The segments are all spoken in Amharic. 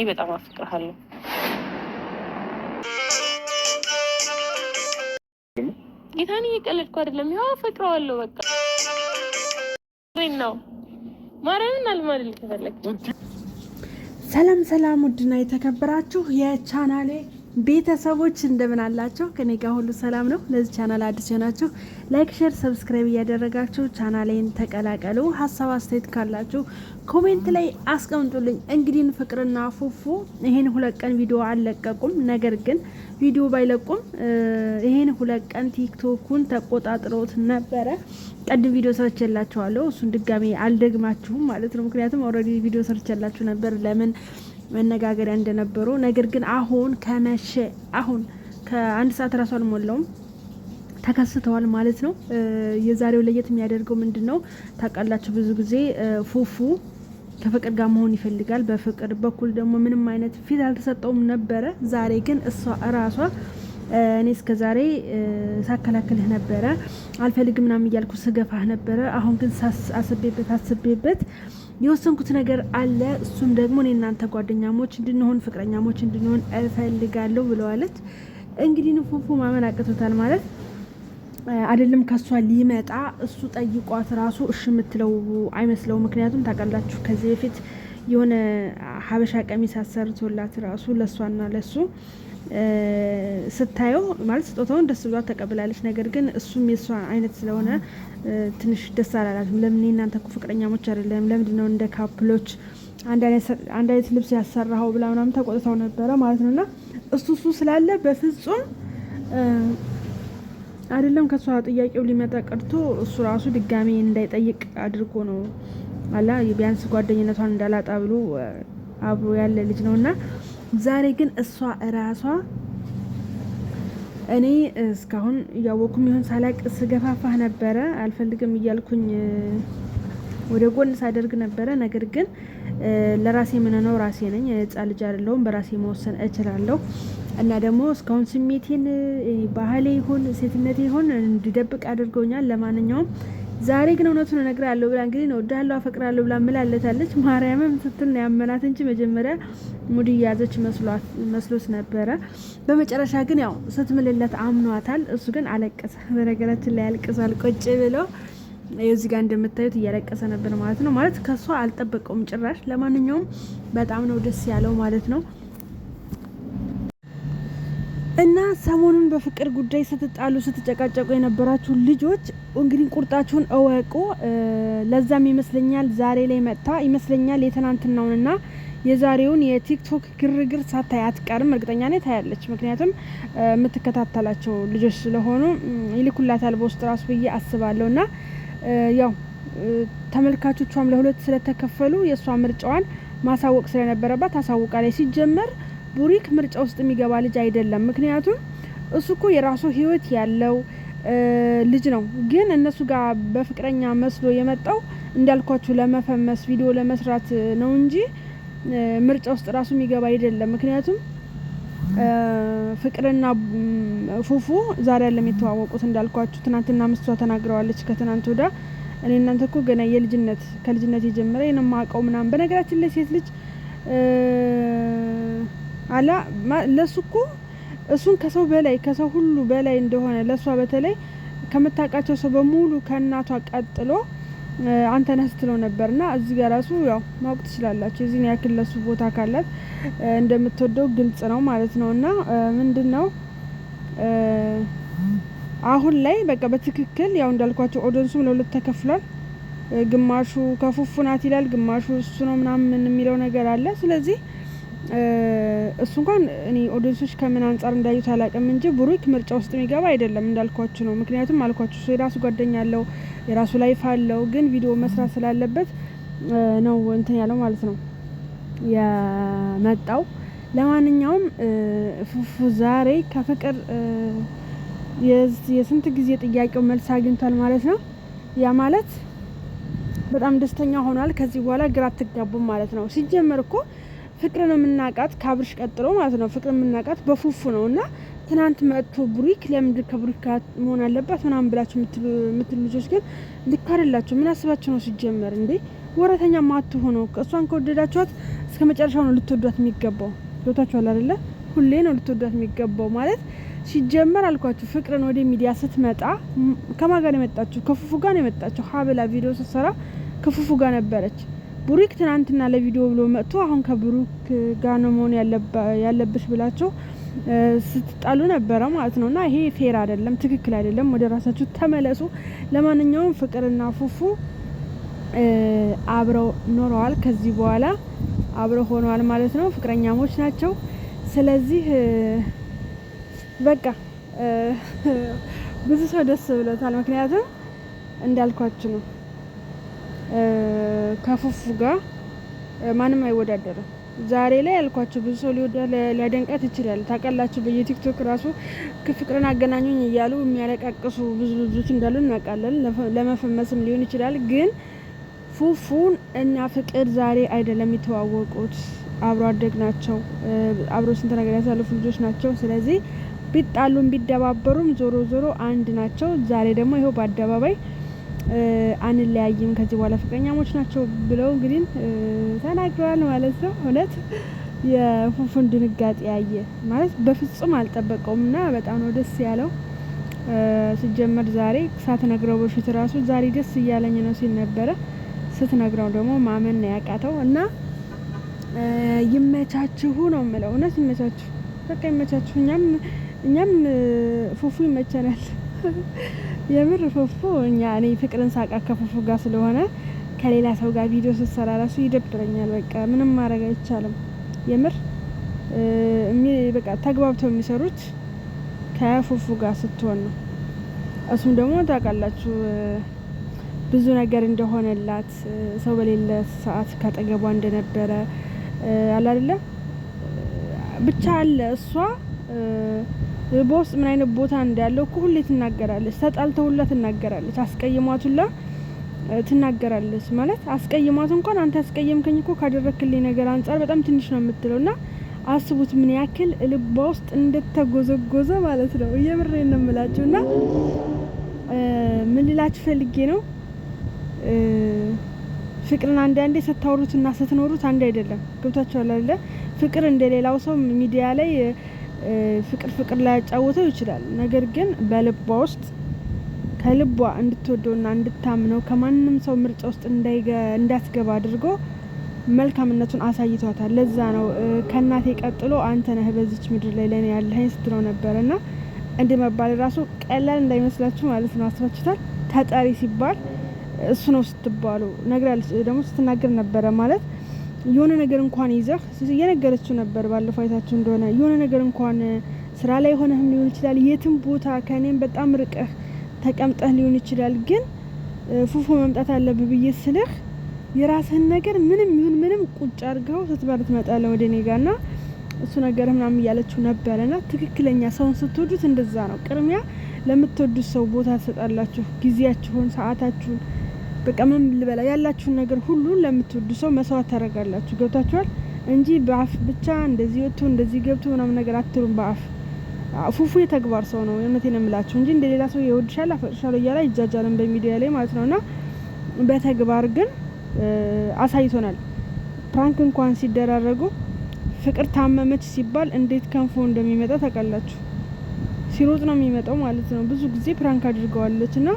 እኔ በጣም አፍቅርሃለሁ። ጌታን እየቀለድኩ አይደለም። ያው አፈቅረዋለሁ። በቃ ነው ማረንን አልማድል ሰላም ሰላም፣ ውድና የተከበራችሁ የቻናሌ ቤተሰቦች እንደምን አላችሁ? ከኔ ጋር ሁሉ ሰላም ነው። ለዚህ ቻናል አዲስ ሆናችሁ ላይክ፣ ሼር፣ ሰብስክራይብ እያደረጋችሁ ቻናሌን ተቀላቀሉ። ሀሳብ አስተያየት ካላችሁ ኮሜንት ላይ አስቀምጡልኝ። እንግዲህ ፍቅርና ፉፉ ይሄን ሁለት ቀን ቪዲዮ አልለቀቁም። ነገር ግን ቪዲዮ ባይለቁም ይሄን ሁለት ቀን ቲክቶኩን ተቆጣጥሮት ነበረ። ቀድም ቪዲዮ ሰርቼላችኋለሁ። እሱን ድጋሜ አልደግማችሁም ማለት ነው። ምክንያቱም ኦልሬዲ ቪዲዮ ሰርቼላችሁ ነበር ለምን መነጋገሪያ እንደነበሩ ነገር ግን አሁን ከመሸ አሁን ከአንድ ሰዓት ራሱ አልሞላውም ተከስተዋል ማለት ነው። የዛሬው ለየት የሚያደርገው ምንድን ነው ታውቃላችሁ? ብዙ ጊዜ ፉፉ ከፍቅር ጋር መሆን ይፈልጋል። በፍቅር በኩል ደግሞ ምንም አይነት ፊት አልተሰጠውም ነበረ። ዛሬ ግን እሷ እራሷ እኔ እስከ ዛሬ ሳከላክልህ ነበረ አልፈልግም ምናምን እያልኩ ስገፋህ ነበረ። አሁን ግን አስቤበት አስቤበት የወሰንኩት ነገር አለ። እሱም ደግሞ እኔ እናንተ ጓደኛሞች እንድንሆን ፍቅረኛሞች እንድንሆን እፈልጋለሁ ብለዋለች። እንግዲህ ንፉፉ ማመን አቅቶታል ማለት አይደለም። ከሷ ሊመጣ እሱ ጠይቋት ራሱ እሺ የምትለው አይመስለው። ምክንያቱም ታውቃላችሁ ከዚህ በፊት የሆነ ሀበሻ ቀሚስ አሰርቶላት ራሱ ለእሷና ለሱ ስታየው ማለት ስጦታውን ደስ ብሏት ተቀብላለች። ነገር ግን እሱም የእሷ አይነት ስለሆነ ትንሽ ደስ አላላትም። ለምን እናንተ እኮ ፍቅረኛሞች አይደለም፣ ለምንድን ነው እንደ ካፕሎች አንድ አይነት ልብስ ያሰራኸው ብላ ምናምን ተቆጥተው ነበረ ማለት ነው። እና እሱ እሱ ስላለ በፍጹም አይደለም ከእሷ ጥያቄው ሊመጣ ቀርቶ እሱ ራሱ ድጋሜ እንዳይጠይቅ አድርጎ ነው አላ ቢያንስ ጓደኝነቷን እንዳላጣ ብሎ አብሮ ያለ ልጅ ነው እና ዛሬ ግን እሷ እራሷ እኔ እስካሁን እያወቅኩም ይሁን ሳላቅ ስገፋፋህ ነበረ። አልፈልግም እያልኩኝ ወደ ጎን ሳደርግ ነበረ። ነገር ግን ለራሴ የምንነው ራሴ ነኝ፣ ሕፃን ልጅ አይደለሁም። በራሴ መወሰን እችላለሁ እና ደግሞ እስካሁን ስሜቴን ባህሌ ይሁን ሴትነቴ ይሁን እንዲደብቅ አድርገውኛል። ለማንኛውም ዛሬ ግን እውነቱን እነግርሃለሁ ብላ እንግዲህ ነው እወድሃለሁ አፈቅርሃለሁ ብላ ምላለታለች። ማርያምም ስትል ነው ያመናት እንጂ መጀመሪያ ሙድ እያዘች መስሎት ነበረ። በመጨረሻ ግን ያው ስትምልለት አምኗታል። እሱ ግን አለቀሰ። በነገራችን ላይ ያልቅሳል ቆጭ ብሎ እዚህ ጋር እንደምታዩት እያለቀሰ ነበር ማለት ነው። ማለት ከእሷ አልጠበቀውም ጭራሽ። ለማንኛውም በጣም ነው ደስ ያለው ማለት ነው። እና ሰሞኑን በፍቅር ጉዳይ ስትጣሉ ስትጨቃጨቁ የነበራችሁ ልጆች እንግዲህ ቁርጣችሁን እወቁ። ለዛም ይመስለኛል ዛሬ ላይ መጥታ ይመስለኛል የትናንትናውንና የዛሬውን የቲክቶክ ግርግር ሳታይ አትቀርም። እርግጠኛ ነኝ ታያለች። ምክንያቱም የምትከታተላቸው ልጆች ስለሆኑ ይልኩላታል በውስጥ ራሱ ብዬ አስባለሁ። እና ያው ተመልካቾቿም ለሁለት ስለተከፈሉ የእሷ ምርጫዋን ማሳወቅ ስለነበረባት ታሳውቃለች ሲጀመር ቡሪክ ምርጫ ውስጥ የሚገባ ልጅ አይደለም። ምክንያቱም እሱ እኮ የራሱ ህይወት ያለው ልጅ ነው። ግን እነሱ ጋር በፍቅረኛ መስሎ የመጣው እንዳልኳችሁ ለመፈመስ ቪዲዮ ለመስራት ነው እንጂ ምርጫ ውስጥ ራሱ የሚገባ አይደለም። ምክንያቱም ፍቅርና ፉፉ ዛሬ ያለም የተዋወቁት እንዳልኳችሁ፣ ትናንትና ምስቷ ተናግረዋለች። ከትናንት ወዳ እኔ እናንተ እኮ ገና የልጅነት ከልጅነት የጀመረ የነማቀው ምናምን። በነገራችን ላይ ሴት ልጅ አላ ለሱ እኮ እሱን ከሰው በላይ ከሰው ሁሉ በላይ እንደሆነ ለሷ በተለይ ከምታውቃቸው ሰው በሙሉ ከእናቷ ቀጥሎ አንተ ነህ ስትለው ነበር። ና እዚህ ጋር ራሱ ያው ማወቅ ትችላላችሁ የዚህን ያክል ለሱ ቦታ ካላት እንደምትወደው ግልጽ ነው ማለት ነው። እና ምንድን ነው አሁን ላይ በቃ በትክክል ያው እንዳልኳቸው ኦዲየንሱም ለሁለት ተከፍሏል። ግማሹ ከፉፉ ናት ይላል፣ ግማሹ እሱ ነው ምናምን የሚለው ነገር አለ። ስለዚህ እሱ እንኳን እኔ ኦዲንሶች ከምን አንጻር እንዳዩት አላቅም እንጂ ብሩክ ምርጫ ውስጥ የሚገባ አይደለም እንዳልኳችሁ ነው። ምክንያቱም አልኳችሁ እሱ የራሱ ጓደኛ አለው፣ የራሱ ላይፍ አለው። ግን ቪዲዮ መስራት ስላለበት ነው እንትን ያለው ማለት ነው የመጣው። ለማንኛውም ፉፉ ዛሬ ከፍቅር የስንት ጊዜ ጥያቄው መልስ አግኝቷል ማለት ነው። ያ ማለት በጣም ደስተኛ ሆኗል። ከዚህ በኋላ ግራ አትጋቡም ማለት ነው። ሲጀመር እኮ ፍቅርን የምናውቃት ከአብርሽ ቀጥሎ ማለት ነው። ፍቅር የምናውቃት በፉፉ ነው እና ትናንት መጥቶ ብሩክ ለምድ ከብሩክ መሆን አለባት ምናምን ብላችሁ የምትሉ ልጆች ግን ልክ አይደላችሁ። ምን አስባችሁ ነው ሲጀመር እንዴ? ወረተኛ ማት ሆኖ እሷን ከወደዳችኋት እስከ መጨረሻው ነው ልትወዷት የሚገባው። ገብቷችኋል አይደለ? ሁሌ ነው ልትወዷት የሚገባው ማለት ሲጀመር አልኳችሁ ፍቅርን ወደ ሚዲያ ስትመጣ ከማን ጋር የመጣችሁ? ከፉፉ ጋር ነው የመጣችሁ። ሀብላ ቪዲዮ ስትሰራ ከፉፉ ጋር ነበረች። ብሩክ ትናንትና ለቪዲዮ ብሎ መጥቶ አሁን ከብሩክ ጋር ነው መሆን ያለብሽ ብላቸው ስትጣሉ ነበረ ማለት ነው። እና ይሄ ፌር አይደለም፣ ትክክል አይደለም። ወደ ራሳችሁ ተመለሱ። ለማንኛውም ፍቅርና ፉፉ አብረው ኖረዋል። ከዚህ በኋላ አብረው ሆነዋል ማለት ነው። ፍቅረኛሞች ናቸው። ስለዚህ በቃ ብዙ ሰው ደስ ብሎታል። ምክንያቱም እንዳልኳችሁ ነው ከፉፉ ጋር ማንም አይወዳደርም። ዛሬ ላይ ያልኳቸው ብዙ ሰው ሊወዳት ሊያደንቃት ይችላል። ታውቃላችሁ በየቲክቶክ ራሱ ፍቅርን አገናኙኝ እያሉ የሚያለቃቅሱ ብዙ ልጆች እንዳሉ እናውቃለን። ለመፈመስም ሊሆን ይችላል። ግን ፉፉን እና ፍቅር ዛሬ አይደለም የተዋወቁት፣ አብሮ አደግ ናቸው። አብሮ ስንት ነገር ያሳለፉ ልጆች ናቸው። ስለዚህ ቢጣሉም ቢደባበሩም ዞሮ ዞሮ አንድ ናቸው። ዛሬ ደግሞ ይኸው በአደባባይ አንለያይም ከዚህ በኋላ ፍቅረኛሞች ናቸው ብለው እንግዲህ ተናግረዋል ማለት ነው። እውነት የፉፉን ድንጋጤ ያየ ማለት በፍጹም አልጠበቀውም እና በጣም ነው ደስ ያለው። ሲጀመር ዛሬ ሳትነግረው በፊት ራሱ ዛሬ ደስ እያለኝ ነው ሲል ነበረ። ስትነግረው ደግሞ ማመን ነው ያቃተው እና ይመቻችሁ ነው የምለው። እውነት ይመቻችሁ፣ በቃ ይመቻችሁ። እኛም እኛም ፉፉ ይመቸናል። የምር ፉፉ እኛ እኔ ፍቅርን ሳቃ ከፉፉ ጋር ስለሆነ ከሌላ ሰው ጋር ቪዲዮ ስትሰራ ራሱ ይደብረኛል። በቃ ምንም ማድረግ አይቻልም። የምር በቃ ተግባብተው የሚሰሩት ከፉፉ ጋር ስትሆን ነው። እሱም ደግሞ ታውቃላችሁ ብዙ ነገር እንደሆነላት ሰው በሌለ ሰዓት ካጠገቧ እንደነበረ አላደለ ብቻ አለ እሷ በውስጥ ምን አይነት ቦታ እንዳለው እኮ ሁሌ ትናገራለች። ተጣልተውላ ትናገራለች። አስቀይሟቱላ ትናገራለች። ማለት አስቀይሟት እንኳን አንተ አስቀየምከኝ እኮ ካደረክልኝ ነገር አንጻር በጣም ትንሽ ነው የምትለው እና አስቡት ምን ያክል ልቧ ውስጥ እንደተጎዘጎዘ ማለት ነው። እየብሬ ነው የምላችሁ እና ምን ልላችሁ ፈልጌ ነው ፍቅርን አንዳንዴ ስታወሩትና ስትኖሩት አንድ አይደለም። ገብታችኋል አይደለ? ፍቅር እንደሌላው ሰው ሚዲያ ላይ ፍቅር ፍቅር ላይ ላያጫውተው ይችላል። ነገር ግን በልቧ ውስጥ ከልቧ እንድትወደውና እንድታምነው ከማንም ሰው ምርጫ ውስጥ እንዳትገባ አድርጎ መልካምነቱን አሳይቷታል። ለዛ ነው ከእናቴ ቀጥሎ አንተ ነህ በዚች ምድር ላይ ለእኔ ያለኝ ስትለው ነበረ ና እንዲህ መባል ራሱ ቀላል እንዳይመስላችሁ ማለት ነው። አስባችሁታል? ተጠሪ ሲባል እሱ ነው ስትባሉ ነግራለች፣ ደግሞ ስትናገር ነበረ ማለት የሆነ ነገር እንኳን ይዘህ እየነገረችው ነበር። ባለፈው አይታችሁ እንደሆነ የሆነ ነገር እንኳን ስራ ላይ ሆነህም ሊሆን ይችላል፣ የትም ቦታ ከእኔም በጣም ርቀህ ተቀምጠህ ሊሆን ይችላል። ግን ፉፉ መምጣት አለብ ብዬ ስልህ የራስህን ነገር ምንም ይሁን ምንም ቁጭ አድርገው ስትበር ትመጣለህ ወደ እኔ ጋር ና እሱ ነገር ምናምን እያለችው ነበረ። ና ትክክለኛ ሰውን ስትወዱት እንደዛ ነው። ቅድሚያ ለምትወዱት ሰው ቦታ ትሰጣላችሁ፣ ጊዜያችሁን፣ ሰአታችሁን በቃ ምን ልበላ ያላችሁን ነገር ሁሉ ለምትወዱ ሰው መስዋዕት ታደርጋላችሁ። ገብታችኋል እንጂ በአፍ ብቻ እንደዚህ ወጥቶ እንደዚህ ገብቶ ምናምን ነገር አትሉም። በአፍ ፉፉ የተግባር ሰው ነው። እውነቴን እምላችሁ እንጂ እንደሌላ ሰው የወድሻል አፈቅርሻለሁ እያለ ይጃጃልን በሚዲያ ላይ ማለት ነው። እና በተግባር ግን አሳይቶናል። ፕራንክ እንኳን ሲደራረጉ ፍቅር ታመመች ሲባል እንዴት ከንፎ እንደሚመጣ ታውቃላችሁ። ሲሮጥ ነው የሚመጣው ማለት ነው። ብዙ ጊዜ ፕራንክ አድርገዋለች እና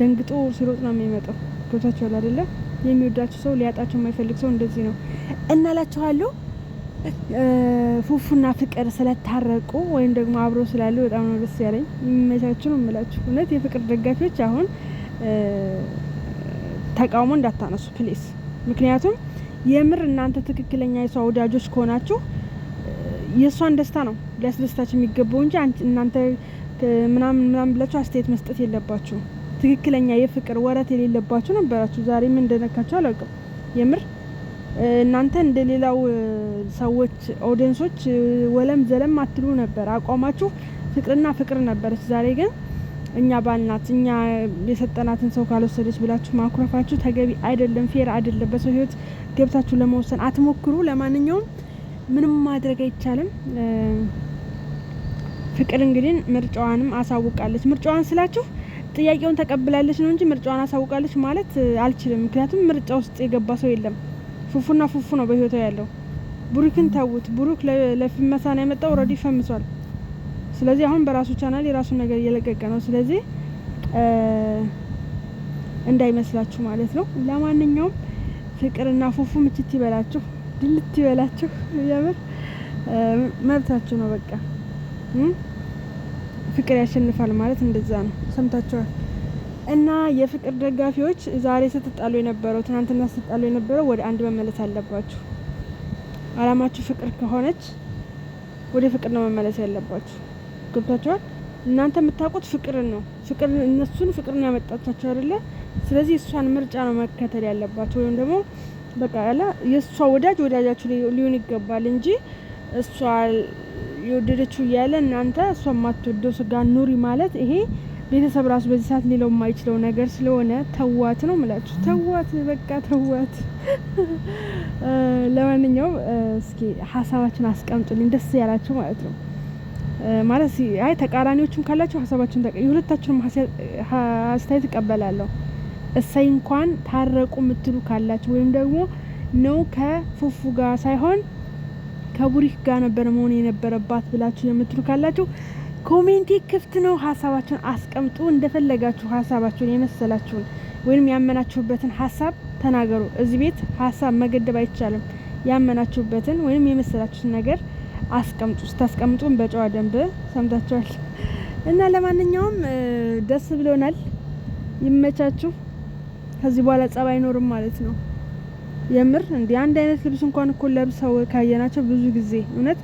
ደንግጦ ሲሮጥ ነው የሚመጣው። ገብታችኋል አይደለ? የሚወዳቸው ሰው ሊያጣቸው የማይፈልግ ሰው እንደዚህ ነው እናላችኋለሁ ፉፉና ፍቅር ስለታረቁ ወይም ደግሞ አብሮ ስላሉ በጣም ነው ደስ ያለኝ። የሚመቻችሁ ነው የምላችሁ። እውነት የፍቅር ደጋፊዎች አሁን ተቃውሞ እንዳታነሱ ፕሊስ። ምክንያቱም የምር እናንተ ትክክለኛ የሷ ወዳጆች ከሆናችሁ የእሷን ደስታ ነው ሊያስደስታችሁ የሚገባው እንጂ እናንተ ምናምን ምናምን ብላችሁ አስተያየት መስጠት የለባችሁም። ትክክለኛ የፍቅር ወረት የሌለባችሁ ነበራችሁ። ዛሬ ምን እንደነካችሁ አላውቅም። የምር እናንተ እንደ ሌላው ሰዎች ኦዲየንሶች ወለም ዘለም አትሉ ነበር። አቋማችሁ ፍቅርና ፍቅር ነበረች። ዛሬ ግን እኛ ባልናት እኛ የሰጠናትን ሰው ካልወሰደች ብላችሁ ማኩረፋችሁ ተገቢ አይደለም፣ ፌር አይደለም። በሰው ህይወት ገብታችሁ ለመወሰን አትሞክሩ። ለማንኛውም ምንም ማድረግ አይቻልም። ፍቅር እንግዲህ ምርጫዋንም አሳውቃለች። ምርጫዋን ስላችሁ ጥያቄውን ተቀብላለች ነው እንጂ ምርጫዋን አሳውቃለች ማለት አልችልም። ምክንያቱም ምርጫ ውስጥ የገባ ሰው የለም። ፉፉና ፉፉ ነው በህይወቷ ያለው። ብሩክን ተውት ብሩክ ለፊመሳን የመጣው ረዲ ፈምሷል። ስለዚህ አሁን በራሱ ቻናል የራሱን ነገር እየለቀቀ ነው። ስለዚህ እንዳይመስላችሁ ማለት ነው። ለማንኛውም ፍቅርና ፉፉ ምችት ይበላችሁ፣ ድልት ይበላችሁ። የምር መብታችሁ ነው በቃ ፍቅር ያሸንፋል ማለት እንደዛ ነው። ሰምታችኋል። እና የፍቅር ደጋፊዎች ዛሬ ስትጣሉ የነበረው ትናንትና ስትጣሉ የነበረው ወደ አንድ መመለስ አለባችሁ። አላማችሁ ፍቅር ከሆነች ወደ ፍቅር ነው መመለስ ያለባችሁ። ገብታችኋል። እናንተ የምታውቁት ፍቅርን ነው። ፍቅር እነሱን ፍቅርን ያመጣቻቸው አይደለ? ስለዚህ እሷን ምርጫ ነው መከተል ያለባቸው። ወይም ደግሞ በቃ ያለ የእሷ ወዳጅ ወዳጃችሁ ሊሆን ይገባል እንጂ እሷ የወደደችው እያለ እናንተ እሷ የማትወደው ስጋ ኑሪ ማለት ይሄ ቤተሰብ ራሱ በዚህ ሰዓት ሊለው የማይችለው ነገር ስለሆነ ተዋት ነው ምላችሁ። ተዋት በቃ ተዋት። ለማንኛውም እስኪ ሀሳባችን አስቀምጡልኝ፣ ደስ ያላቸው ማለት ነው ማለት አይ ተቃራኒዎችም ካላቸው ሀሳባችን የሁለታችንም አስተያየት እቀበላለሁ። እሰይ እንኳን ታረቁ የምትሉ ካላችሁ ወይም ደግሞ ነው ከፉፉ ጋር ሳይሆን ከቡሪክ ጋር ነበር መሆን የነበረባት ብላችሁ የምትሉ ካላችሁ ኮሜንቴ ክፍት ነው። ሀሳባችሁን አስቀምጡ። እንደፈለጋችሁ ሀሳባችሁን የመሰላችሁን ወይም ያመናችሁበትን ሀሳብ ተናገሩ። እዚህ ቤት ሀሳብ መገደብ አይቻልም። ያመናችሁበትን ወይም የመሰላችሁትን ነገር አስቀምጡ። ስታስቀምጡን በጨዋ ደንብ ሰምታችኋል። እና ለማንኛውም ደስ ብሎናል። ይመቻችሁ። ከዚህ በኋላ ጸባይ አይኖርም ማለት ነው። የምር እንዲህ አንድ አይነት ልብስ እንኳን እኮ ለብሰው ካየናቸው ብዙ ጊዜ እውነት